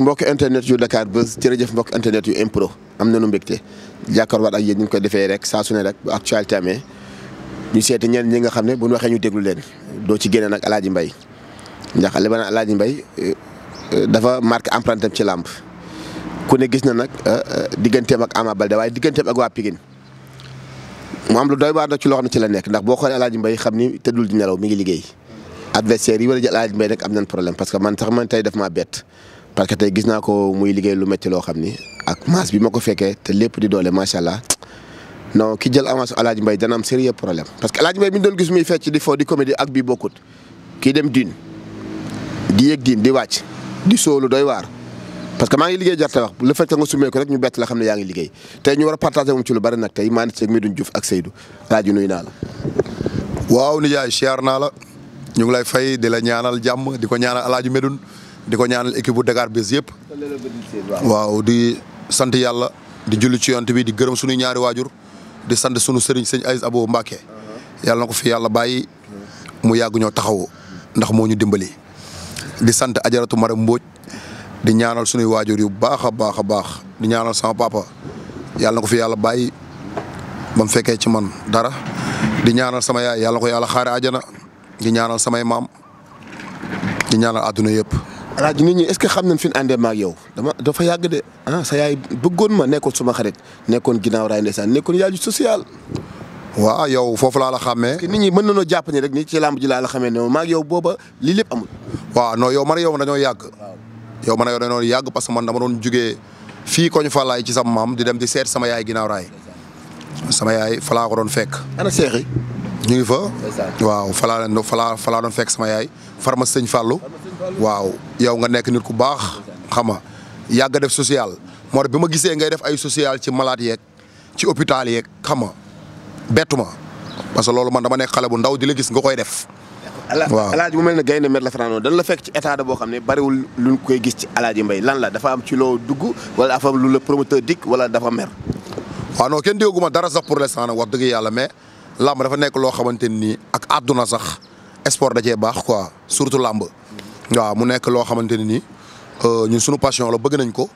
mbokk internet yu Dakar Buzz jërëjëf mbokk internet yu impro am nañu mbégte jàkkaarwaat ak yéen ñu ngi koy defee rek saa su ne rek bu actualité amee ñu seete ñeen ñi nga xam ne bu ñu waxee ñu déglu leen doo ci génne nag Alaaji Mbay ndax li ma naan Alaaji Mbay euh, euh, dafa marqué empreinte am ci làmp ku ne gis na nag euh, digganteem ak Ama Baldé waaye digganteem ak waa Pikine mu am lu doy waar nag ci loo xam ne ci la nekk ndax boo xoolee Alaaji Mbay xam ni tëddul di nelaw mi ngi liggéey adversaire yi war a jël am nañ problème parce que man sax man tey daf maa bett parce que tey gis naa ko muy liggéey lu métti loo xam ni ak masse bi ma ko fekkee te lépp di doole macha allah non ki jël avance Aladji mbay dana am sérieux problème. parce que Aladji Mbaye mi ñu doon gis muy fecc di fo di comédie ak bii bokkut kii dem diin di yëg diin di wàcc di soolu doy waar. parce que maa ngi liggéey jarte wax le fait que nga sumee rek ñu bett la xam ne yaa ngi liggéey tey ñu war a partagé moom ci lu bari nag tey maa ngi ci mi duñ Diouf ak Seydou Aladji nuyu naa la. naa la ñu ngi lay fay di la ñaanal jàmm di ko ñaanal Aladji Medoune di ko ñaanal équipe bu Dakar Buzz yëpp. waaw di sant yàlla di julli ci yonent bi di gërëm suñu ñaari waajur di sant sunu sëriñ sëñ Aziz Abo Mbacke. yàlla na ko fi yàlla bàyyi mu yàgg ñoo taxawoo ndax moo ñu dimbali. di sant ajaratu Maram Mbodj di ñaanal sunuy waajur yu baax a baax a baax di ñaanal sama papa yàlla na ko fi yàlla bàyyi ba mu fekkee ci man dara. di ñaanal sama yaay yàlla ko yàlla xaare àjjana di ñaanal samay maam di ñaanal àdduna yëpp. alaaji nit ñi est-ce que xam nañ fi ñu àndee ma yow dama dafa yàgg de ah, sa yaay bëggoon ma nekkoon suma xarit nekkoon ginnaaw raay ndeysaan nekkoon yaay social. waa yow foofu laa la xàmmee. nit ñi mën nañoo jàpp ne rek ni ci làmb ji laa la xamee ne ma yow booba lii lépp amul. waaw non yow man yow dañoo yàgg. yow man yow dañoo yàgg parce que man dama doon jugee fii koñ Falaay ci sama maam di dem di seet sama yaay ginnaaw raay sama yaay falaa ko doon fekk. ana seex ñu ngi fa. waaw falaa falaa falaa doon fekk sama yaay farma sëñ Fallou waaw yow nga nekk nit ku baax xam nga yàgg def social moo tax bi ma gisee ngay def ay social ci malaat yeeg ci hôpital yeeg xam nga bettu ma parce que loolu ma dama nekk xale bu ndaw di la gis nga koy def. waaw alaaji mu mel ne gaynde met la fanaanoo dañ la fekk ci état boo xam ne bariwul luñ koy gis ci alaaji mbay lan la dafa am ci loo dugg wala dafa am lu la promoteur dikk wala dafa mer. waaw non kenn dégguma dara sax pour l'instant nag wax dëgg yàlla mais làmb dafa nekk loo xamante nii ak àdduna sax sport da cee baax quoi surtout làmb waaw mu nekk loo xamante ne ni euh, ñun sunu passion la bëgg nañ ko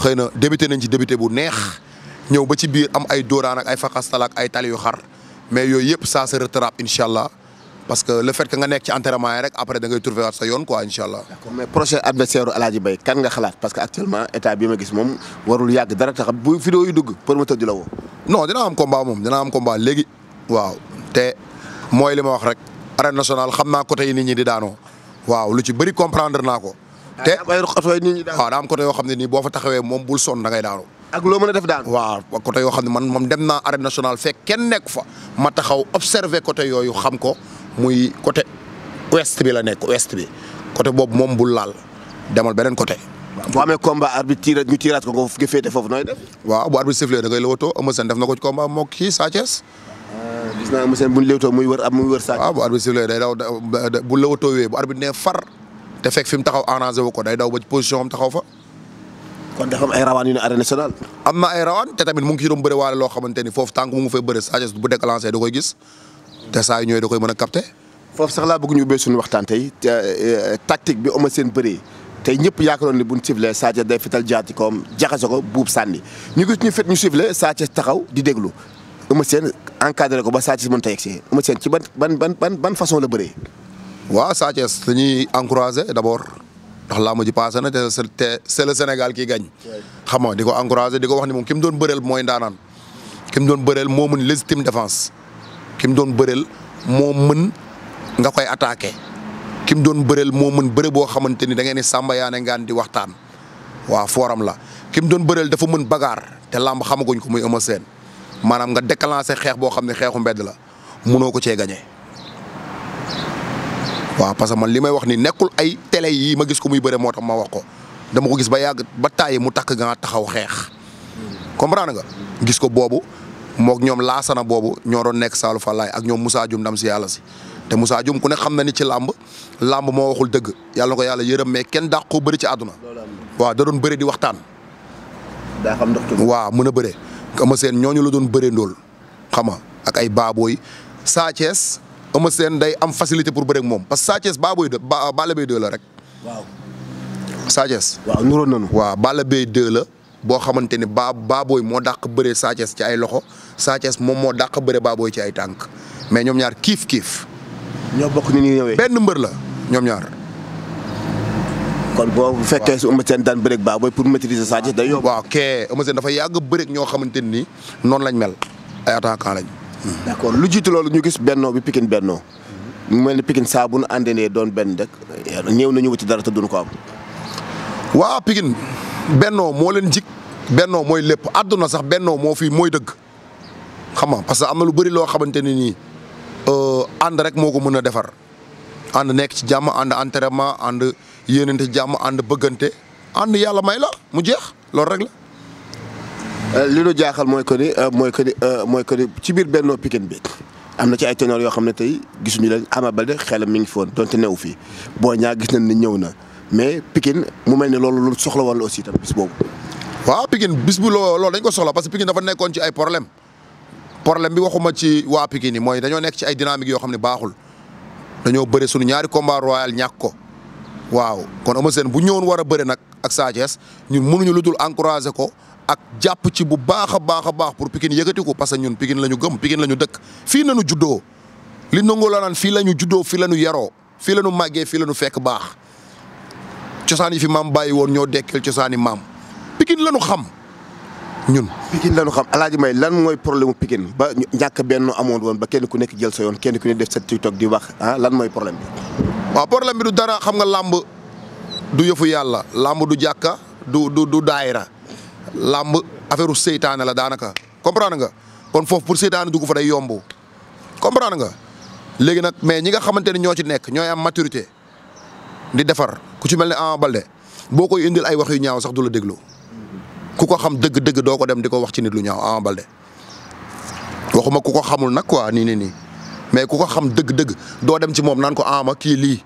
xëy na débuté nañ ci débuté bu neex ñëw ba ci biir am ay dooraan ay faxastal ak ay tali yu xar mais yooyu yëpp ça se rattrape incha allah parce que le fait que nga nekk ci entraînement yi rek après da ngay trouver waat sa yoon quoi incha allah. d'accord mais prochain adversaire El Hadj Mbaye kan nga xalaat parce que actuellement état bi ma gis moom warul yàgg dara tax bu vidéo yu dugg promoteur di la woo. non dina am combat moom dina am combat waaw te mooy li ma wax rek. arène xam naa côté nit ñi di daanoo. waaw lu ci bëri comprendre naa ko. te waaw daa am côté yoo xam ne nii boo fa taxawee moom bul sonn da ngay daanu. loo def daanu. waaw côté yoo xam ne man moom dem naa arène nationale fekk kenn nekk fa ma taxaw observer côté yooyu xam ko muy côté ouest bi la nekk ouest bi côté boobu moom bul laal demal beneen côté. boo amee combat arbitre tiiraat ñu tiiraat ko nga féete foofu nooy def. waaw bu arbitre sifflé da ngay lëwatoo Eumeu Sène def na ko ci combat moog Euh, gis naa monsieur bu ñu léewtoo muy wër ab muy wër saak. Ah, waaw bu arbitre sifflé day daw bu far te fekk fi mu taxaw arrangé wu ko day daw ba ci position am taxaw fa. kon dafa am ay rawaan yu ne arène nationale. am na ay rawaan te tamit mu ngi ciy doon loo xamante ni foofu tànk mu ngi fay bëre saa bu déclenché da koy gis te saa yu da koy mën a capté. foofu sax bëgg ñu ubbee suñu waxtaan tey euh, euh, tactique bi Eumeu Sène bëree tey ñëpp yaakaaroon ni buñ sifle Sa Thiès day fital jaati koom jaxase ko buub sànni ñu gis ñu fet ñu sifle Sa Thiès taxaw di déglu Eumeu Sène encadré ko ba Sa Thiès mën ta yegsi Eumeu Sène ci ban ban ban ban façon la bëree. waaw Sa Thiès dañuy encouragé d' abord ndax làmb ji passé na te c' est le Sénégal qui gagne. xam nga di ko encouragé di ko wax ni moom ki mu doon bëreel mooy ndaanaan ki doon bëreel moo mën légitime défense ki mu doon bëreel moo mën nga koy attaqué. kim doon bëreel moo mën bëre boo xamante ni da ngeen ni sàmba yaane ngaan di waxtaan waaw fooram la ki doon bëreel dafa mën bagaar te làmb xamaguñ ko muy Eumeu Sène maanaam nga déclencher xeex boo xam ne xeexu mbedd la munoo ko cee gañe waaw parce que man li may wax ni nekkul ay télé yi ma gis ko muy bëre moo tax ma wax ko dam ko gis ba yàgg ba tàyyi mu takk gaa taxaw xeex comprendre nga gis ko boobu mook ñoom laasana boobu ñoo nekk saalu falaay ak ñoom Moussa Dioum ndam si yàlla si te Moussa Dioum ku ne xam na ni ci làmb làmb moo waxul dëgg yàlla ko yàlla yërëm mais kenn dàq koo bëri ci àdduna waaw da doon bëri di waxtaan waa mën a bëre Eumeu Sène ñooñu la doon bëree ndool xam nga ak ay baabooy Sa Thiès Eumeu Sène day am facilité pour bëreek moom parce que Sa baabooy de ba Balla Gaye 2 rek. waaw Sa Thiès. waaw nuróo nañu. waaw la boo xamante ni baa baabooy moo daq bëree Sa ci ay loxo Sa moom moo dàq bëree baabooy ci ay tànk mais ñoom ñaar kiif kiif. ñoo bokk ni ñëwee. benn mbër la ñoom ñaar. kon boo bu fekkee su Eumeu Sène daan bëreeg baa booy pour maîtriser Sa day yóbbu. waaw kay Eumeu Sène dafa yàgg bëreeg ñoo xamante nii noonu lañ mel ay attaquant lañ. lu jiitu loolu ñu gis bennoo bi pikin bennoo. mu mel ni Pikine saa bu nu àndee doon benn dëkk ñëw nañu wuti dara te duñ ko am. waaw Pikine bennoo moo jik bennoo mooy lépp àdduna sax bennoo moo fi mooy dëgg xam nga parce que am na lu bëri loo xamante ne nii euh, ànd rek moo ko mën a defar ànd nekk ci jàmm ànd entraînement ànd. yéenante jàmm ànd bëggante ànd yàlla may la mu jeex loolu rek la. Euh, li nu jaaxal mooy que ni euh, mooy que ni euh, mooy que ci biir Benno Pikine bi am na ci ay ténor yoo xam ne tey gisuñu leen Ama Baldé xelam mi ngi foon woon donte newu fii boo ñaa gis nañ ni ñëw na mais Pikine mu mel ne loolu lu soxla woon la aussi boobu. waaw Pikine bis bu loolu dañ ko soxla parce que Pikine dafa nekkoon ci ay problème problème bi waxuma ci waa Pikine yi mooy dañoo nekk ci ay dynamique yoo xam ne baaxul dañoo bëri suñu ñaari combat royal ñàkk ko. waaw kon Eumeu Sène bu ñëwoon war a bëre nag ak Sa Thiès ñun mënuñu lu dul encourager ko ak jàpp ci bu baax a baax a baax pour pikin yëkkati ko parce que ñun Pikine la ñu gëm Pikine la ñu dëkk fii nañu juddoo li nangoo la naan fii la ñu juddoo fii la ñu yaroo fii la ñu màggee fii la ñu fekk baax cosaan yi fi maam bàyyi woon ñoo dekkeel cosaani maam Pikine la ñu xam ñun. Pikine la ñu xam alaaji may lan mooy problème mu Pikine ba ñàkk benn amoon woon ba kenn ku nekk jël sa yoon kenn ku ne def sa TikTok di wax ah lan mooy problème bi. waaw problème bi du dara xam nga làmb du yëfu yàlla làmb du jàkka du du du daayira làmb affaire seytaane la daanaka comprendre nga kon foofu pour seytaane dugg fa day yomb comprendre nga léegi nag mais ñi nga xamante ne ñoo ci nekk ñooy am maturité di defar ku ci mel ne Ama Baldé boo koy indil ay wax yu ñaaw sax du la déglu ku ko xam dëgg doo ko dem di ko wax ci nit lu ñaaw Ama Baldé waxuma ku ko xamul nag quoi nii nii nii. mais ku ko xam dëgg-dëgg doo dem ci moom naan ko ama kii lii.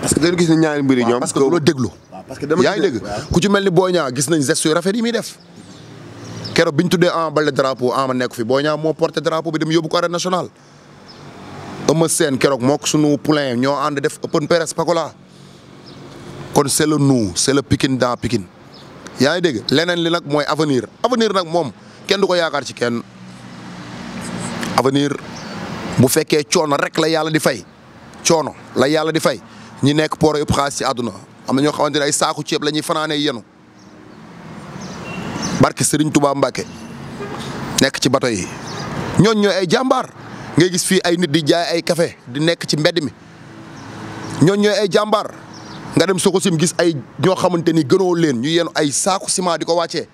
parce que dañu gis ne ñaari mbir yi ñoom. parce que du la déglu. parce que dama yaa ngi dégg ku ci mel ni Boy Niang gis nañ gestes yu rafet yi muy def. keroog bi ñu tuddee Ama Baldé drapeau Ama nekk fi Boy Niang moo porté drapeau bi dem yóbbu ko arène nationale. ama seen keroog mook sunu poulain ñoo ànd def open press Pakola. kon c'est le nous c'est le Pikine dans Pikine yaa ngi dégg leneen li nag mooy avenir avenir nag moom kenn du ko yaakaar ci kenn. avenir bu fekkee coono rek la yàlla di fay coono la yàlla di fay ñi nekk pooro yëpp xaalis ci àdduna am na ñoo xamante ne ay saaku ceeb lañuy ñuy fanaanee yenu barke sëriñ Touba mbake nekk ci bato yi ñooñ ñooy ay jàmbaar ngay gis fii ay nit di jaay ay café di nekk ci mbedd mi ñooñ ñooy ay jàmbaar nga dem Sococim gis ay ñoo xamante ni gënoo leen ñu yenu ay saaku ciment di ko wàccee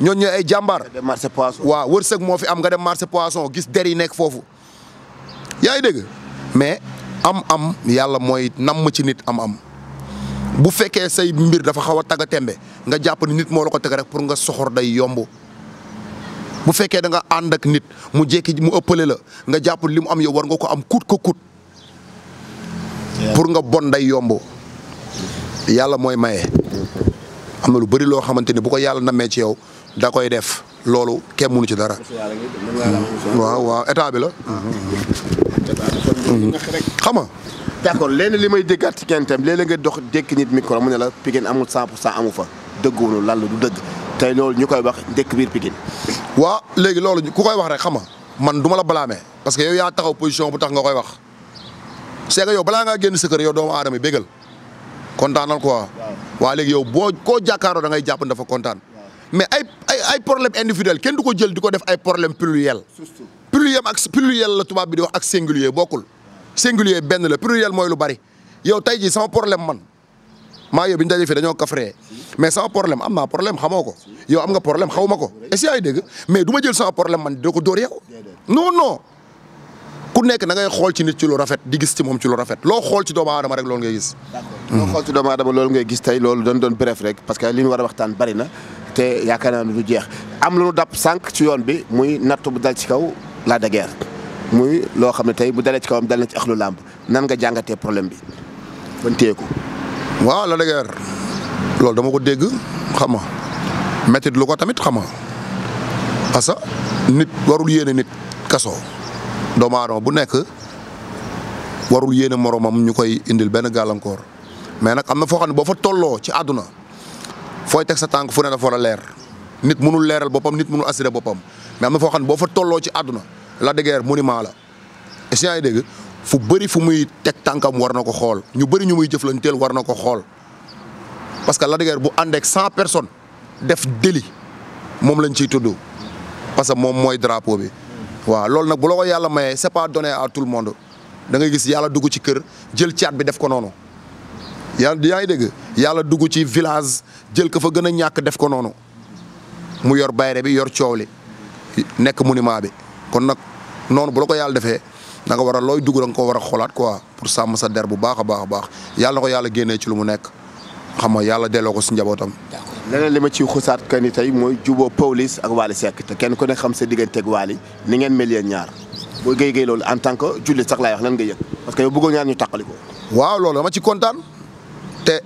ñooñu ay jàmbaar. nga dem marché poisson waaw wërsëg moo fi am nga dem marché poisson gis der yi nekk foofu. yaa ngi dégg mais am-am yàlla mooy namm ci nit am-am bu fekkee say mbir dafa xaw a tagga tembe nga jàpp nit moo la ko teg pour nga soxor day yomb. bu fekkee da nga ànd ak nit mu jékki mu ëppale la nga jàpp li mu am yow war nga ko am kut ko kut. pour nga bon day yomb. yàlla mooy maye. am na lu bëri loo xamante ni bu ko yàlla namee ci yow. da koy def loolu kenn mënu ci dara. waaw waaw état bi la. xam nga. d'accord léegi li may déggat ci kenn itam léeg-léeg nga dox dékk nit micro mu ne la Pikine amul 100 pour amu fa dëgguwul lan la du dëgg tey loolu ñu koy wax dëkk biir Pikine. waaw léegi loolu ku koy wax rek xam nga man du ma la balaame parce que yaa taxaw position bu tax nga koy wax c'est que yow balaa ngaa génn sa kër yow doomu aadama yi bégal kontaanal quoi. waaw léegi yow boo koo jàkkaaroo da ngay jàpp dafa kontaan. mais ay ay ay problème individuel kenn du ko jël di ko def ay problème pluriel pluriel ak pluriel la tubaab bi di wax ak singulier bokkul singulier benn la pluriel mooy lu bari yow tey jii sama problème man maa yow bi ñu daje fii dañoo kafree mais sama problème am naa problème xamoo ko yow am nga problème xaw ma ko est-ce que mais du ma jël sama problème man doo ko dóor yow non non ku nekk da ngay xool ci nit ci lu rafet di gis ci moom ci lu rafet loo xool ci doomu aadama rek loolu ngay gis. d'accord loo xool ci ngay gis tey loolu doon doon bref rek parce que li ñu war a waxtaan te yaakaar naa ne du jeex am lu nu dab sànq ci yoon bi muy natt bu dal ci kaw Lac de muy loo xam ne tey bu dalee ci kawam dal na ci axlu làmb nan nga jàngatee problème bi ban téye ko. waaw loolu dama ko dégg xam nga métti lu ko tamit xam nga parce que nit warul yéene nit kaso doomu aadama bu nekk warul yéene moromam ñu koy indil benn gàllankoor mais nag am na foo xam ne boo fa tolloo ci àdduna. fooy teg sa tànk fu ne dafa war a leer nit mënul leeral boppam nit mënul assuré boppam mais am foo xam ne boo fa tolloo ci àdduna la mu ni monument la. est ay dégg fu bëri fu muy teg tànkam war na ko xool ñu bëri ñu muy jëf jëflanteel war na ko xool parce que la de bu àndeek cent personnes def délit moom lañ ciy tudd parce que moom mooy drapeau bi. waaw loolu nag bu la ko yàlla mayee c'est pas donné à tout le monde da gis yàlla dugg ci kër jël caat bi def ko noonu. yàlla yaa ngi dégg yàlla dugg ci village jël ko fa gën a ñàkk def ko noonu mu yor bayre bi yor coow li nekk monument bi kon nag noonu bu la ko yàlla defee da war a looy dugg da ko war a xoolaat quoi pour sàmm sa der bu baax baax a yàlla ko yàlla génnee ci lu mu nekk xam nga yàlla delloo ko si njabootam. leneen li ma ciy xusaat que ni tey mooy juboo Pawlish ak Wally Seck te kenn ku ne xam sa digganteeg Wally ni ngeen mel yéen ñaar boo géej géej loolu en tant que jullit sax laay wax parce que yow bëggoon ñu tàqali ko. ci kontaan. te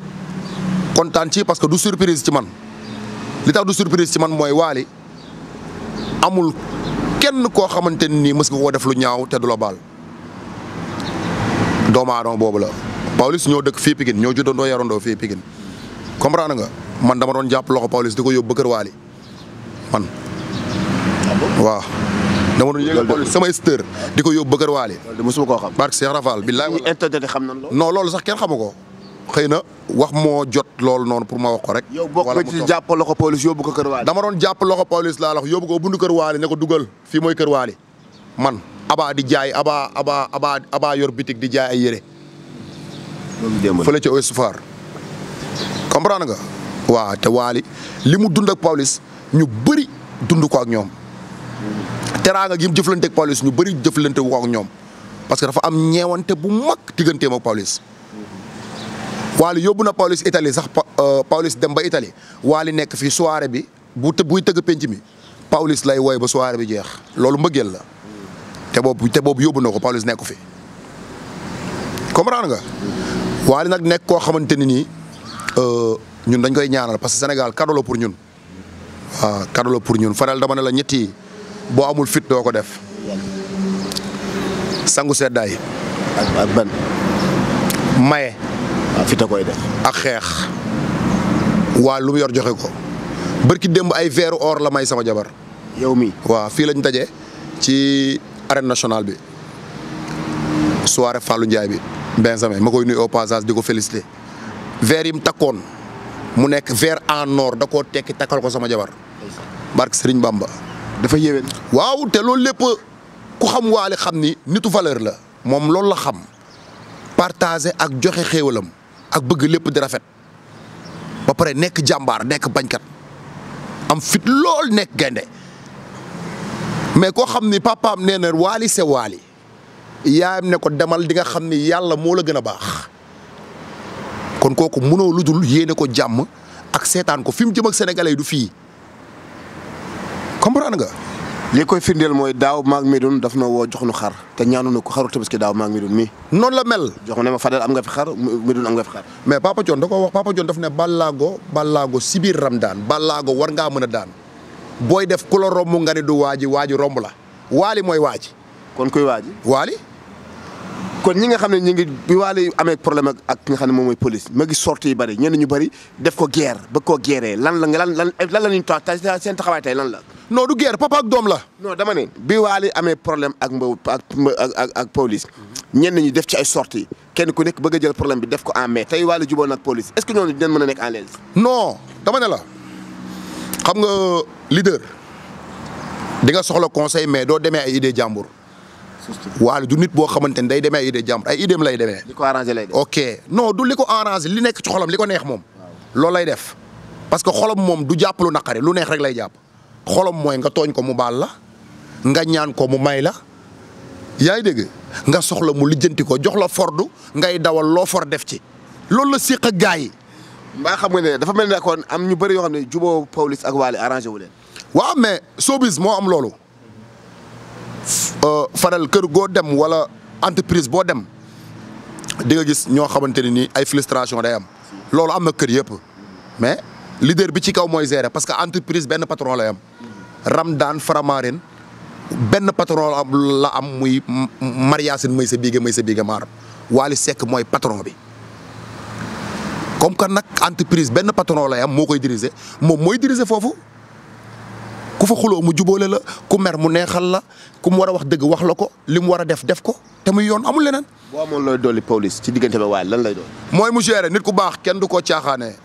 kontaan ci parce que du surprise ci man li tax du surprise ci man mooy Waly amul kenn koo xamante ni mës nga koo def lu ñaaw te du la baal doomu aadama boobu la. Pawlish ñoo dëkk fii Pikine ñoo juddandoo yarandoo fii Pikine comprendre nga man dama doon jàpp loxo Pawlish di ko yóbbu kër Waly man. waaw. dama doon yëgal Pawlish sama steur di ko yóbbu kër Waly. loolu de mosuma koo xam. barke Cheikh xam nañ loolu. loolu sax kenn xamu ko. xëy na wax moo jot loolu noonu pour ma wax ko rek. yow bokk nga ci jàpp loxo ko kër waali. dama doon jàpp loxo police laa wax yóbbu ko bundu kër waali ne ko dugal fii mooy kër waali man abaa di jaay abaa abaa abaa abaa yor bitik di jaay ay yére. fële ci Ouest Foire comprendre nga. waaw te waali li mu dund ak police ñu bëri dund ko ak ñoom. teraanga gi mu jëflante ak police ñu bëri jëflante wu ko ñoom parce que dafa am ñeewante bu mag digganteem ak police. Wally yóbbu na Pawlish itali sax Pawlish euh, dem ba Italie Wally nekk fii soirée bi bu të buy tëgg penc mi Pawlish lay woy ba suwaare bi jeex loolu mbëggeel la te boobu te boobu yóbbu na ko Pawlish nekku fi comprendre nga. Wally nag nekk koo xamante ni nii euh, ñun dañ koy ñaanal parce que Sénégal cadeau pour ñun waaw pour ñun faral dama ne la ñetti boo amul fit doo ko def sangu seddaay ak maye. fit a koy def. ak xeex waa lu mu yor joxe ko bërki démb ay ver or la may sama jabar. yow mi waaw fii lañ daje ci arène nationale bi soirée Fallou Ndiaye bi. Benjamin ma koy nuyu au passage di ko félicité veer yi mu takkoon mu nekk ver en or da ko tekki takkal ko sama jabar. barke Serigne Bamba. dafa yéwén. waaw te loolu lépp ku xam waale xam ni nitu valeur la moom loolu la xam. partagé ak joxe xéewalam ak bëgg lépp di rafet ba pare nekk jàmbaar nekk bañkat am fit lool nekk gaynde mais koo xam ni am nee na waali c'est waali yaayam ne ko demal di nga xam ni yàlla moo la gën a baax kon kooku mënoo ludul yéene ko jàmm ak seetaan ko fi mu jëm ak sénégalais du fii comprendre nga. li koy firndeel mooy daaw maag Medoune daf na woo jox nu xar te ñaanu na ko xaru tabaski daaw maag Medoune mi noonu la mel jox ma ne ma Fadel am nga fi xar Medoune am nga fi xar mais Papa Thione da ko wax Papa Thione daf ne ballaago ballaago si biir Ramadan ballaago war ngaa mën a daan booy def kulo la romb nga ne du waaji waaji romb la waali mooy waaji kon kuy waaji waali kon ñi nga xam ne ñu ngi bi waale amee problème ak ak ki nga xam ne moom mooy police ma gis sorties yu bëri ñenn ñu bëri def ko guerre bëgg koo guerree lan la lan lan lan la ñuy tax seen taxawaay tey lan la. non du guerre papa ak doom la. non dama ne bi waale amee problème ak mba ak ak ak police ñenn ñi def ci ay sorties kenn ku nekk bëgg jël problème bi def ko en mai tey waale juboon ak police est-ce que ñooñu dinañ mën a nekk dama ne la xam nga leader di nga soxla conseil mais doo demee ay idée jàmbur. waalo du nit boo xamante ni day demee ay idée jàmbur ay idéem lay demee. li ko arrangé lay def ok non du li ko arrangé li nekk ci xolam li ko neex moom. lool lay def parce que xolam moom du jàpp lu naqari lu neex rek lay jàpp. xolam mooy nga tooñ ko mu baal la nga ñaan ko mu may la yaa ngi dégg nga soxla mu lijjanti ko jox la fordu ngay dawal loo for def ci loolu la séq ak gars yi. mbaa xam nga ne dafa mel ni kon am ñu bëri yoo xam ne jubóo Pawlish ak waale arrangé wu leen. waaw mais showbiz moo am loolu. Euh, faral kër goo dem wala entreprise boo dem di nga gis ñoo xamante ne nii ay frustration day am loolu am na kër yëpp mais leader bi ci kaw mooy gérer parce que entreprise benn patron lay am Ramdan Faramaren benn patron la am muy Mariasine muy sa biige muy sa biige maaram Waly Seck mooy patron bi comme que nag entreprise benn patron lay am moo koy diriger moom mooy diriger foofu ku fa xuloo mu juboole la ku mer mu neexal la ku mu war a wax dëgg wax la ko li mu war a def def ko te muy yoon amul leneen. boo amoon looy dolli police ci diggante ba waaye lan lay doon. mooy mu gérer nit ku baax kenn du ko caaxaanee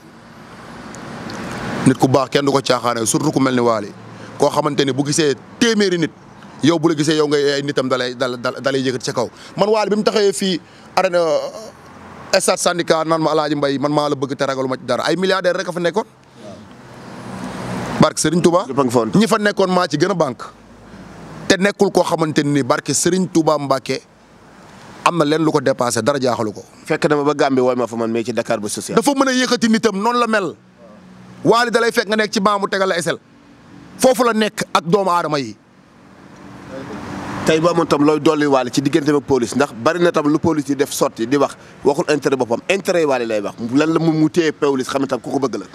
nit ku baax kenn du ko caaxaanee surtout ku mel ni Waly koo xamante ni bu gisee téeméeri nit yow bu la gisee yow ngay ay nitam dalay dalay yëkkati ca kaw man Waly bi mu taxawee fii arène euh, stade syndicat naan ma Alaaji Mbay man maa la bëgg te ragalu ma ci dara ay milliardaire rek a fa nekkoon. barke Serigne Touba ñi fa nekkoon maa ci gën a banque te nekkul koo xamante ni barke Serigne Touba Mbacke am na leen lu ko dépassé dara jaaxalu ko. fekk na ma ba Gambie wooy ma fa man mais ci Dakar bu social. dafa mën a yëkkati nitam noonu la mel waali dalay fekk nga nekk ci maamu tegal la esel foofu la nekk ak doomu aadama yi. tey boo amoon tam looy dolli waale ci diggante ak police ndax bari na tam lu police yi def sotti di wax waxul intérêt boppam intérêt waale lay wax lan la mu mu téye police xam ne tam ku bëgg la.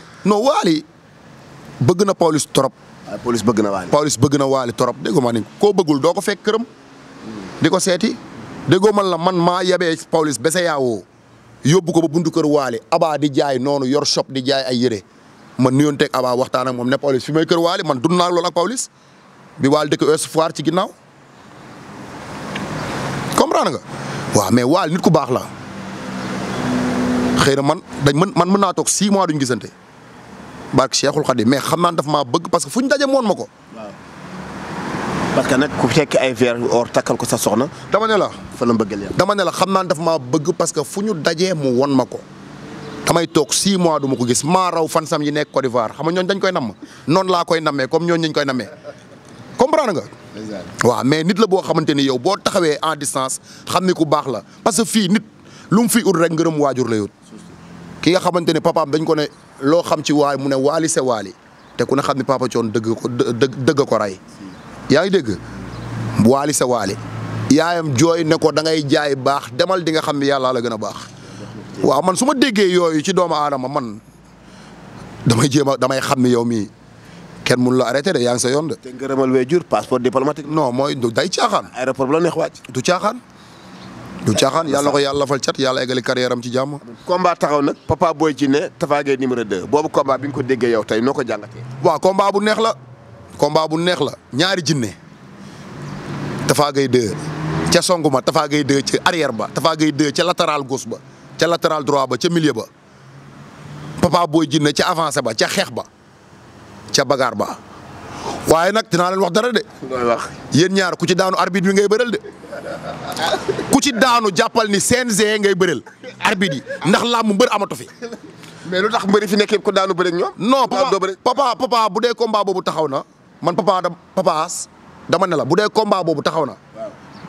bëgg na Pawlish trop. waaw bëgg na Waly. Pawlish bëgg na Waly trop déggoo ma ni koo bëggul doo ko fekk këram. di ko seeti déggoo man la man maa yabee Pawlish bese yaawoo yóbbu ko ba buntu kër Waly abaa di jaay noonu yor shop di jaay ay yére man nuyonteeg abaa waxtaan ak moom ne Pawlish fi may kër Waly man dund naa loolu ak Pawlish bi Waly dëkk Ouest Foire ci ginnaaw comprendre nga waaw mais Waly nit ku baax la xëy na man dañ mën man mën naa toog six mois duñ gisante. barke Cheikhul Khadim mais xam naa daf maa que fu ñu daje moon ma ko. waaw parce ku fekk ay verre or takkal ko sa soxna. dama ne la fa la bëggal yàlla dama ne la xam naa daf maa bëgg parce que fu ñu dajee mu won ma ko. damay toog 6 mois du ma ko gis maa raw fan sam yi nekk Côte xam nga ñooñu dañ koy namm noonu laa koy nammee comme ñooñu dañ koy nammee comprendre nga. waaw mais nit la boo xamante ni yow boo taxawee en distance xam ni ku baax la parce que fii nit lu mu fi ut rek ngërëm waajur la yut ki nga xamante ne papaam dañ ko ne loo xam ci waali mu ne waali se waali te ku ne xam ne papa coon dëgg ko dëgg ko ray yaa ngi dégg waali sa waali yaayam jooy ne ko da ngay jaay baax demal di nga xam ne yàllaa la gën a baax waaw man su ma déggee yooyu ci doomu aadama man damay jéem a damay xam ne yow mii kenn mënu la arrêté de yaa ngi sa yoon de. te ngërëmal waajur passeport diplomatique. non mooy du day caaxaan. aéroport bu la neex wàcc. du caaxaan. lu caaxaan yàlla ko yàlla lafal cat yàlla eggali carrière am ci jàmm. combat taxaw nag Papa Boy Djiné Tapha Gueye numéro 2 boobu komba bi nga ko déggee yow tey noo ko jàngatee. waa combat bu neex la. combat bu neex la ñaari jinne Tapha Gueye 2 ca song ma Tapha Gueye 2 ca arrière ba Tapha Gueye 2 ca latéral gos ba ca latéral droit ba ca milieu ba Papa Boy Djiné ca avancé ba ca xeex ba ca bagaar ba. waaye nag dinaa leen wax dara de. wax yéen ñaar ku ci daanu arbitre bi ngay bëreel de ku ci daanu jàppal ni CNG ngay bëreel arbitre yi ndax làmb mbër amatu fi. mais lu tax mbëri fi nekk ku daanu bëri ak ñoom. non papa papa bu dee combat boobu taxaw na man papa da papa dama ne la bu dee combat boobu taxaw na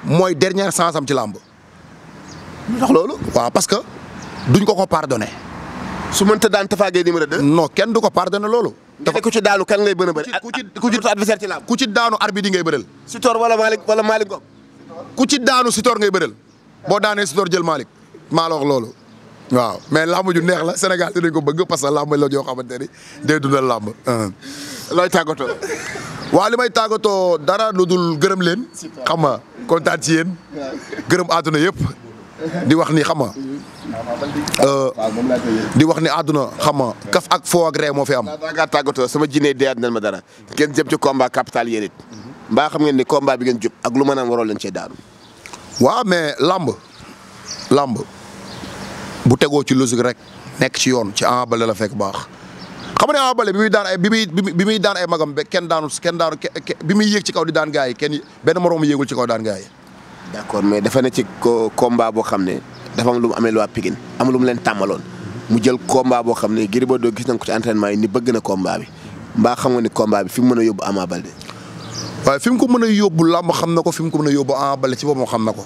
mooy dernière chance am ci làmb. lu loolu. waaw parce que duñ ko ko pardonné. su mënta daan tafaagee numéro 2. non kenn du ko pardonné loolu. dafa ku ci daanu kan ngay bëna bëri. ku ci ku ci adversaire ci laam. ku ci daanu arbitre ngay bëreel. Sitor wala Malick wala Malick Ngom. ku ci daanu Sitor ngay bëreel boo daanee Sitor jël Malick maa la loolu. waaw mais làmb ju neex la Sénégal dinañ ko bëgg parce que làmb la joo xamante ni day dundal làmb. looy tàggatoo. waaw li may tàggatoo dara lu dul gërëm leen. xam nga kontaan ci yeen gërëm àdduna yëpp. di wax ni xam nga euh, di wax ni àdduna xam nga kaf ak foo ak ree moo fi am. dangaa tàggatoo sama jinne deyaat nañ ma dara. ken jëm ci combat capital yéen it. xam ngeen ni combat bi ngeen jub ak lu ma naan waroo leen cee daanu. waaw mais làmb làmb bu tegoo ci logique rek nekk ci yoon ci Ama Baldé la fekk baax. xam nga ne Ama Baldé bi muy daan ay bi muy bi muy daan ay magam be kenn daanul kenn daanul bi muy yéeg ci kaw di daan gaa yi kenn benn moroom yéegul ci kaw daan gaa d' accord mais dafa ne ci combat boo xam ne dafa am lu mu amee waa Pikine am lum leen tàmmaloon mu jël combat boo xam ne Gris Bordeaux gis nañ ko ci entraînement yi ni bëgg na combat bi mbaa xam nga ni combat bi fi mu mën a yóbbu Ama Baldé. waaye fi mu ko mën a yóbbu làmb xam na ko fi mu ko a yóbbu Ama Baldé ci xam na ko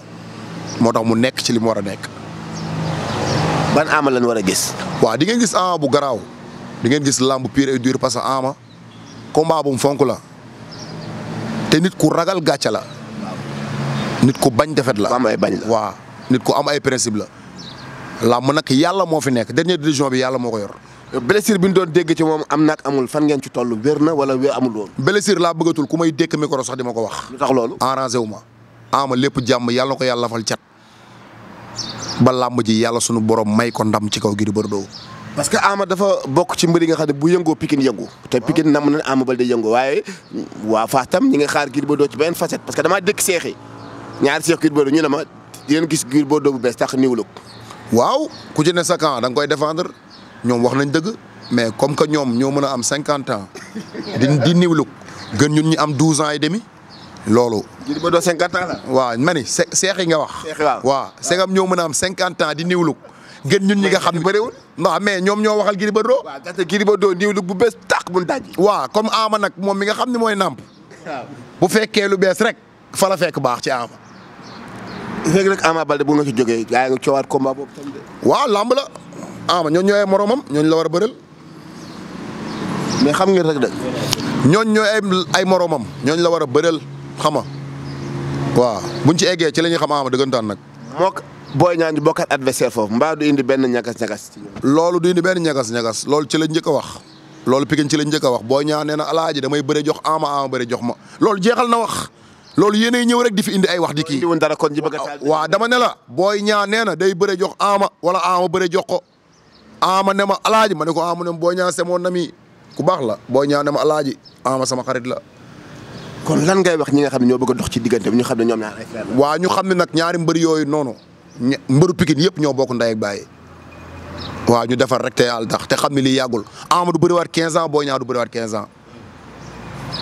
moo tax mu nekk ci li mu war a nekk. ban Ama lañ war a gis. waaw di ngeen gis Ama bu garaaw di ngeen gis làmb pur et dur parce que Ama combat bu mu fonk la te nit ku ragal gàcce la. nit ku bañ defet la. am ay bañ waaw nit ku am ay principe la. làmb nag yàlla moo fi nekk dernière décision bi yàlla moo ko yor. blessure bi ñu doon dégg ci moom am nag amul fan ngeen ci toll wér na wala wér amul woon. blessure laa bëggatul ku may dékk micro sax di ma ko wax. lu tax loolu. arrangé wu ma ama lépp jàmm yàlla ko yàlla fal cat ba làmb yàlla sunu borom may ko ndam ci kaw gi di bëri doo parce que Ama dafa bokk ci mbir yi nga xam ne bu yëngoo Pikine yëngu. te Pikine nam na Ama Baldé yëngu waaye xaar gi di bëri doo ci ñaari Cheikh Gris Bordeaux ñu ne ma yéen gis Gris Bordeaux bu bees tax niwul waaw ku ci ne da nga koy défendre ñoom wax nañ dëgg mais comme que ñoom ñoo mën a am cinquante ans di di niwlu gën ñun ñu am douze ans et demi loolu. Gris Bordeaux cinquante ans waaw ma ni seex yi nga wax. seex waaw waaw segam ñoo mën a am cinquante ans di niwlu gën ñun ñi nga xam ne bëriwul. waaw mais ñoom ñoo waxal Gris Bordeaux. waaw ndaxte Gris Bordeaux niwlu bu bees tàq bu daj. waa comme Ama nag moom mi nga xam ne mooy nàmp. bu fekkee lu bees rek fala fekk baax ci Ama. Reug Reug Ama Baldé bu nga ci jógee yaa ngi coowaat combat boobu tam de. waaw làmb la ama ñooñu ñooy moromam ñooñu la war a bëreel. xam ngeen Reug Reug. ñooñu ñooy ay ay moromam ñooñu la war a bëreel xama waaw buñ ci eggee ci la xam ama dëggantaan nag. mook booy ñaan di bokkat adversaire foofu mbaa du indi benn ñagas-ñagas. loolu du indi benn ñagas-ñagas loolu ci la njëkk wax. loolu Pikine ci la njëkk wax booy ñaan nee na alaaji damay bëre jox ama ama bëre jox ma loolu jeexal na wax. loolu yéenay ñëw rek di fi indi ay wax di kii. waaw dama ne la. booy ñaa nee na day bëre jox ama wala ama bëre jox ko ama ne ma alaaji ma ne ko ama ne booy ñaa semoon na mi ku baax la booy ñaa ne ma alaaji ama sama xarit la. kon lan ngay wax ñi nga xam ne ñoo bëgg a dox ci diggante ñu xam ne ñoom ñaar ay ñu xam ne nag ñaari mbër yooyu noonu mbëru pikin yëpp ñoo bokk ndey ak baay waaw ñu defar rek te yàlla tax te xam ne lii yàggul ama du bëriwaat 15 ans booy ñaa du bëriwaat 15 ans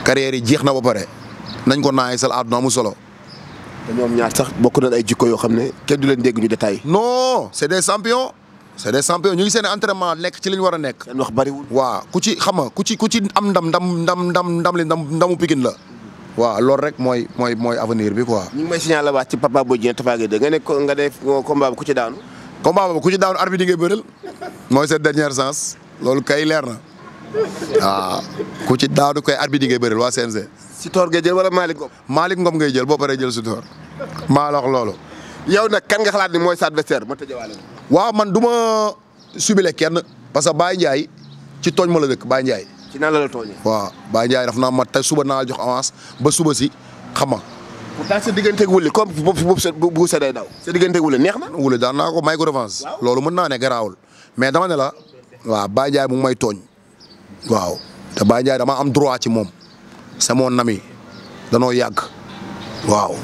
carrière yi jeex na ba pare nañ ko naay sal àdduna mu solo. te ñoom ñaar sax bokk nañ ay jikko yoo xam ne kenn du leen dégg ñu détail. non c'est des champions c'est des champions ñu ngi seen entraînement nekk ci li ñu war a nekk. seen wax bariwul. waaw ku ci xam nga ku ci ku ci am ndam ndam ndam ndam ndam li ndam ndamu Pikine la. waaw loolu rek mooy mooy mooy avenir bi quoi. ñu ngi may signaler waat ci Papa Boy Djiné Tapha Gueye de nga ne ko nga def combat bi ku ci daanu. combat boobu ku ci daanu arbitre di ngay bëril mooy seen dernière chance loolu kay leer na waaw ku ci daanu kay arbitre di ngay bëril waa CNG. Sitor ngay jël wala Malick Ngom. Malick Ngom nga jël boo paree jël Sitor maa la wax loolu. yow nag kan nga xalaat ni mooy sa adversaire ma tëjee waale waaw man du ma subile kenn parce que Baye Ndiaye ci tooñ ma la dëkk Baye Ndiaye. ci nan la la tooñee. waaw Baye daf naa ma tey suba naa jox avance ba suba si xam nga. pourtant sa digganteeg wuli comme bu bu neex na. wuli daan naa ko may ko revanche. loolu mën naa ne garaawul mais dama ne la waaw Baye Ndiaye mu may tooñ. waaw te Baye Ndiaye dama am droit ci moom. c'est mon ami danoo yàgg waaw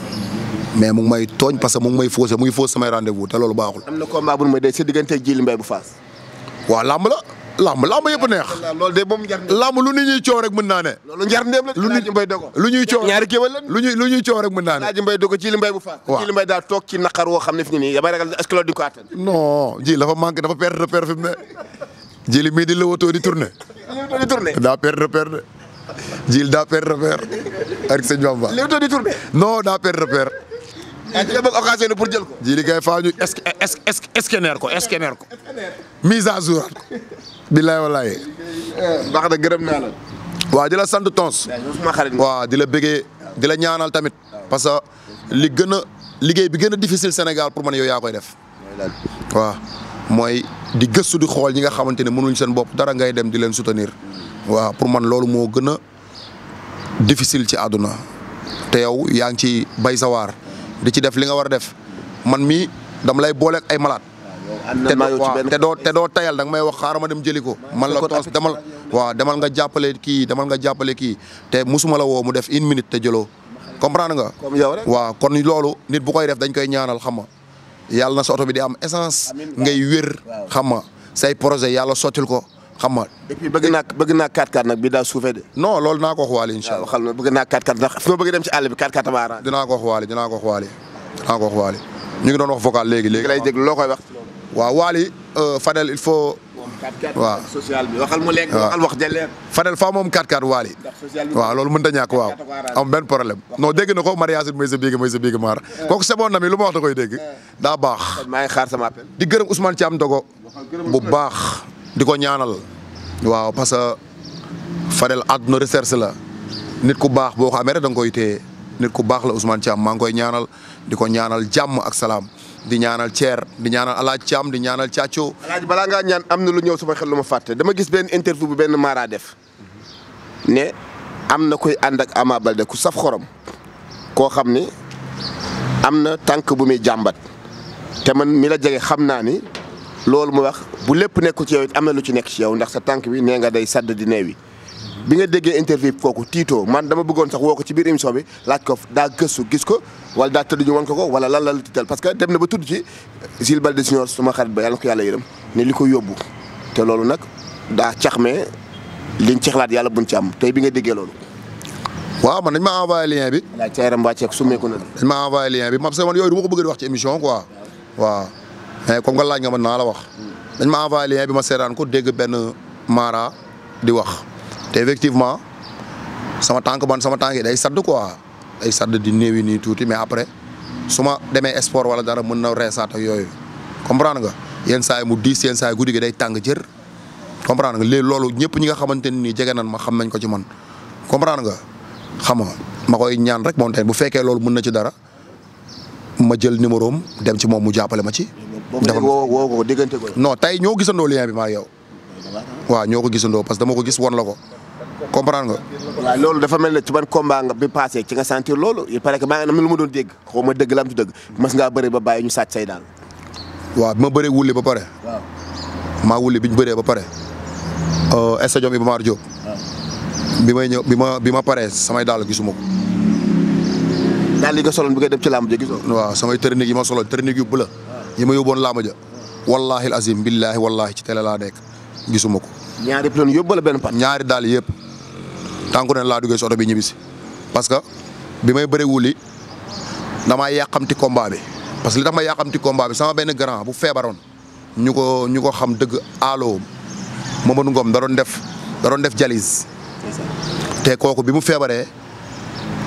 mais mu ngi may tooñ parce que mu may faussé mu ngi faussé samay rendez te loolu baaxul. am na combat bu nu may dee sa diggante Djily Mbaye bu Fass. waaw làmb la làmb làmb yëpp neex. loolu de moom njar lu nit ñuy coow rek mën naa ne. loolu njar ndéem la Alaaji lu ñuy coow ñaari kéwél lu ñuy lu ñuy coow rek mën naa ne. Alaaji Mbaye Dogo Djily Mbaye bu Fass. waaw Djily daal toog ci naqar woo xam ne fi nii damay ragal est di ko attan. non dafa manqué dafa perdre repère fi di lëwatoo di tourné. daa perdre repère de Jil daa perdre repère ak sëñ Bamba. li mu daa perdre repère. Ah, pour jël ko. Jili kay faa ñu es es eskeneer ko mise à jour ko. billaay walaay. Eh, baax na gërëm naa la. waaw di la sant tons. waaw di la bëggee di la ñaanal tamit. parce que li gën a liggéey bi gën a difficile Sénégal pour man yow yaa koy def. waaw mooy di gëstu di xool ñi nga xamante ne mënuñ seen bopp dara ngay dem di leen soutenir. waaw pour man loolu moo gën a difficile ci àdduna te yow yaa ngi ci bay sawaar di ci def li nga war a def man mii dam lay booleeg ay malaat te doo te doo tayal da nga may wax xaaral ma dem jëli ko man la toos demal waaw demal nga jàppale kii demal nga jàppale kii te musuma la woo mu def une minute te jëloo comprendre nga waaw kon loolu nit bu koy def dañ koy ñaanal xam nga yàlla na sa bi di am essence ngay wér xam nga say projet yàlla sottil ko xam nga. et puis bëgg naa bëgg naa 4-4 nag bi daa suufee de. non loolu naa ko wax waale incha allah xam nga bëgg naa 4-4 ndax fi ma bëgg dem ci àll bi 4-4 maa raadu. dinaa ko wax waale dinaa ko wax waale dinaa ko wax waale ñu lay dégg loo koy wax. waaw waali euh, Fadel il faut. waaw social bi waxal mu lekk waxal wax jëlee. Fadel faa moom 4-4 waali. waaw loolu mënut a ñàkk waaw. am ben problème no dégg na ko mariage bi mooy sa biig mooy sa biig maar eh. kooku c'est na mi lu ma wax koy dégg. Eh. daa baax. maa ngi xaar sama appel. di gërëm Ousmane Thiam Dogo bu baax di ko ñaanal waaw parce que Fadel àdduna recherche la nit ku baax boo ko amee rek da nga koy téye nit ku baax la Ousmane Thiam maa ngi koy ñaanal di ko ñaanal jàmm ak salaam di ñaanal Thier di ñaanal Alaaj Thiam di ñaanal Thiacho. Alaaj balaa ngaa ñaan am na lu ñëw sama xel lu ma fàtte dama gis benn interview bu benn Mara def ne am na koy ànd ak Ama Balde ku saf xorom koo xam ne am na tànk bu muy jàmbat te man mi la jege xam naa ni. loolu mu wax bu lépp nekku ci yow it am na lu ci nekk ci yow ndax sa tànk bi nee nga dey sàdd di neewi bi nga déggee interview kooku tiitoo man dama bëggoon sax woo ko ci biir émission bi laaj ko daa gëstu ko wala daa ñu wan ko ko wala lan la la tiital parce que dem na ba tudd ci Gilles Balde Junior suma xarit ba yàlla na ko yàlla yërëm ne li ko yóbbu te loolu nag daa cax mais liñ laat yàlla buñ ci am tey bi nga déggee loolu. waaw man dañ ma envoyé lien bi. laaj sa yaram wàcceeg sumeeku na. dañ ma envoyé lien bi man parce man yooyu du ma ko bëgg di wax ci émission quoi mais eh, comme nga laaj nga man naa la wax dañ ma envoyé lien bi ma seetaan ko dégg benn maara di wax te effectivement sama tànk man sama tànk yi day sadd quoi day sadd di néew yi nii tuuti mais après su ma demee sport wala dara mën na reesaat yooyu comprendre nga yenn saay mu diis yenn saa yi guddi gi day tàng jër comprendre nga léegi loolu ñëpp ñi nga xamante ne nii jege nan ma xam nañ ko ci man comprendre nga xam nga ma koy ñaan rek moom tamit bu fekkee loolu mën na ci dara ma jël numéro am dem ci moom jàppale ma ci. dafa woo woo ko déggante ko. non tey ñoo gisandoo lien bi maa yow. waaw ñoo ko gisandoo parce que moo ko gis woon la ko. comprendre nga. loolu dafa mel ne ci ban combat bi passé ci nga sentir loolu il pare que maa ngi am lu ma doon dégg xaw ma dëgg la am du dëgg. mas ngaa bëre ba bàyyi ñu sàcc say daal. waa bi ma bëree wulli ba pare. waaw maa wulli bi ñu bëree ba pare. Euh, stade Iba Mar Diop. bi may ñëw bi ma bi ma paree samay daal gisuma ko. daal li nga soloon bi nga dem ci làmb ji gisoo. waaw samay tërënig yi ma soloon tërënig yu bula yi ma yóbboon laa ma ja wallaahi al azim billaahi wallaahi ci télé laa nekk gisuma ko. ñaari yëpp doon benn pat. ñaari daal yëpp tànku ne laa duggee si bi ñibbi si parce que bi may bëre wuli damaa yàqamti combat bi parce que li tax ma yàqamti combat sama benn grand bu feebaroon ñu ko ñu ko xam dëgg allo Mamadou Ngom da doon def da doon def dialyse. te kooku bi mu feebaree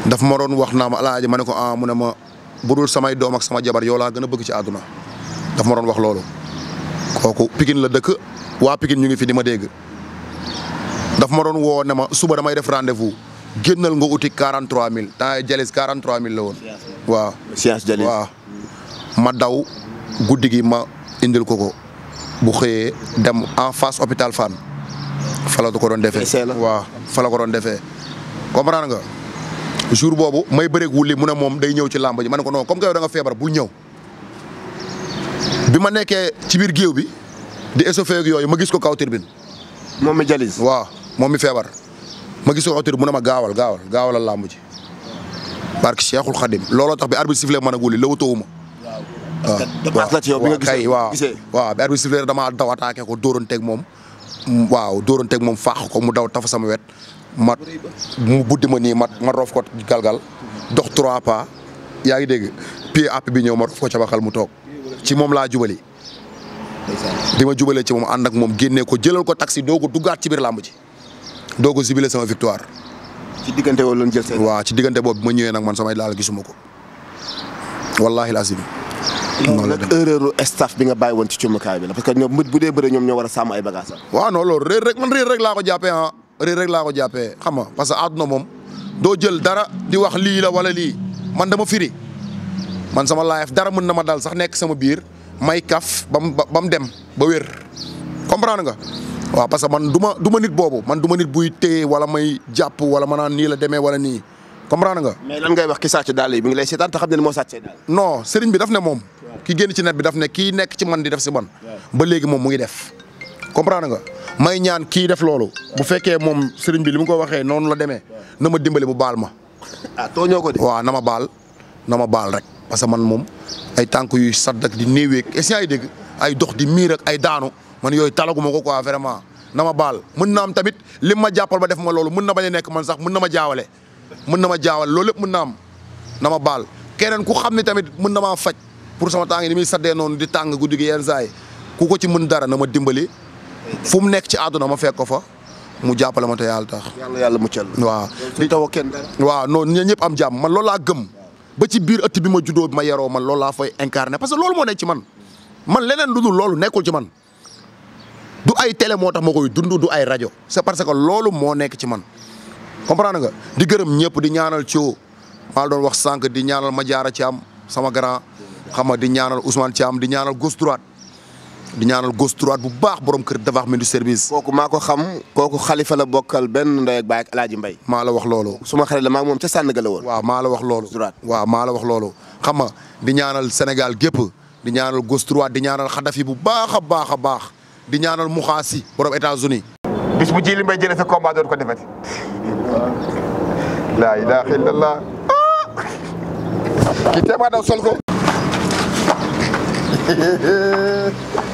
daf ma doon wax naa ma alaaji ma ne ko ah mu ne ma burul samay doom ak sama jabar yow laa gën a bëgg ci àdduna. daf ma doon wax loolu kooku pikin la dëkk waa pikin ñu ngi fi di ma dégg daf ma doon woo ne ma suba damay def rendez-vous génnal nga uti 43000 temps yii Jalis 43000 la woon. waa science Jalis waaw. ma daw guddi gi ma indil ko ko bu xëyee dem en face hôpital Fann fa la ko doon defee. waa fa la ko doon defee kom comprendre nga. jour boobu may bëreeg wulli mu ne moom day ñëw ci làmb ma ne ko non comme que yow da nga feebar bul ñëw. bi ma nekkee ci biir géew bi di eso ak yooyu ma gis ko kaw tribune. moom mi jalis waaw moom mi feebar. ma gis ko kaw tribune mu ne ma gaawal gaawal gaawalal làmb ji. barke Cheikhul Khadim looloo tax bi arbitre sifflé ma ne wuli waaw que la ci yow bi nga gisee waaw waaw bi arbitre sifflé damaa daw attaqué ko dóoranteeg moom. Mm, waaw teg moom faax ko mu daw tafa sama wet. ma mu buddi ma nii ma ma roof ko galgal dox trois pas yaa ngi dégg pied app bi ñëw ma roof ko ca mu toog. ci moom laa jubali. bi ma jubalee ci moom ànd ak moom génnee ko jëlal ko taxi doo ko duggaat ci biir làmb ji doo ko zibilé sama victoire. ci diggante boobu lañ jël seen. waaw ci diggante boobu bi ma ñëwee nag man samay laal gisuma ko wallaahi laazim. noonu la nag erreur staff bi nga bàyyi woon ci cumukaay bi la parce que ñoom bu dee bëre ñoom ñoo war a sàmm ay bagages am. waaw non loolu réer rek man réer rek laa ko jàppee ah réer rek laa ko jàppee xam nga parce que àdduna moom doo jël dara di wax lii la wala lii man dama firi. man sama life dara mën na ma daal sax nekk sama biir may kaf ba mu ba mu dem ba wér comprendre nga. waaw parce que man du ma du ma nit boobu man du ma nit buy téye wala may jàpp wala ma naan nii la demee wala nii comprendre nga. mais lan ngay wax ki sàcc daal yi mi ngi lay seetaan te xam ne moo sàccee daal. non sëriñ bi daf ne moom. ki génn ci net bi daf ne kii nekk ci man di def si man. ba léegi moom mu ngi def. comprendre nga may ñaan kii def loolu bu fekkee moom sëriñ bi li mu ko waxee noonu la demee na ma dimbali mu baal ma. ah tooñoo ko de. waaw na ma baal na ma baal rek. parce que man moom ay tànk yuy sadd ak di néeweeg est-ce ay dégg ay dox di miir ak ay daanu man yooyu talaguma ko quoi vraiment na ma baal mën na am tamit lim ma jàppal ba def ma loolu mën na bañ a nekk man sax mën na ma jaawale mën na ma jaawale loolu lépp mën na am na ma baal keneen ku xam ne tamit mën na maa faj pour sama tàng yi ni muy saddee noonu di tàng guddi gi saa ku ko ci mën dara na ma dimbali fu mu nekk ci àdduna ma fekk ko fa mu jàppale ma te yàlla tax. yàlla yàlla muccal. waaw di taw kenn. waaw non ñëpp am jàmm man loolu laa gëm. ba ci biir ëtt bi ma juddoo ma yaroo man loolu laa fay incarné parce que loolu moo nekk ci man man leneen lu dul loolu nekkul ci man du ay télé moo tax ma koy dund du ay rajo c'est parce que loolu moo nekk ci man comprendre nga di gërëm ñëpp di ñaanal Thio maa doon wax sànq di ñaanal Madiara Thiam sama grand xam nga di ñaanal Ousmane Thiam di ñaanal gauche droite di ñaanal gauche droite bu baax borom kër dafax mel du service. kooku maa ko xam kooku xalifa la bokkal benn ndey ak Alaaji Mbay. maa la wax loolu. suma xarit la maa moom ca Sànnaga la woon. waaw maa la wax loolo droite waaw maa la wax loolu. xam nga di ñaanal Sénégal gépp di ñaanal gauche di ñaanal Xadafi bu baax a baax a baax di ñaanal Muxaasi borom États-Unis bis bu ji li mbay jëlee sa combat doon ko defati. la ilaaha illallah. kii teemaat daw ko.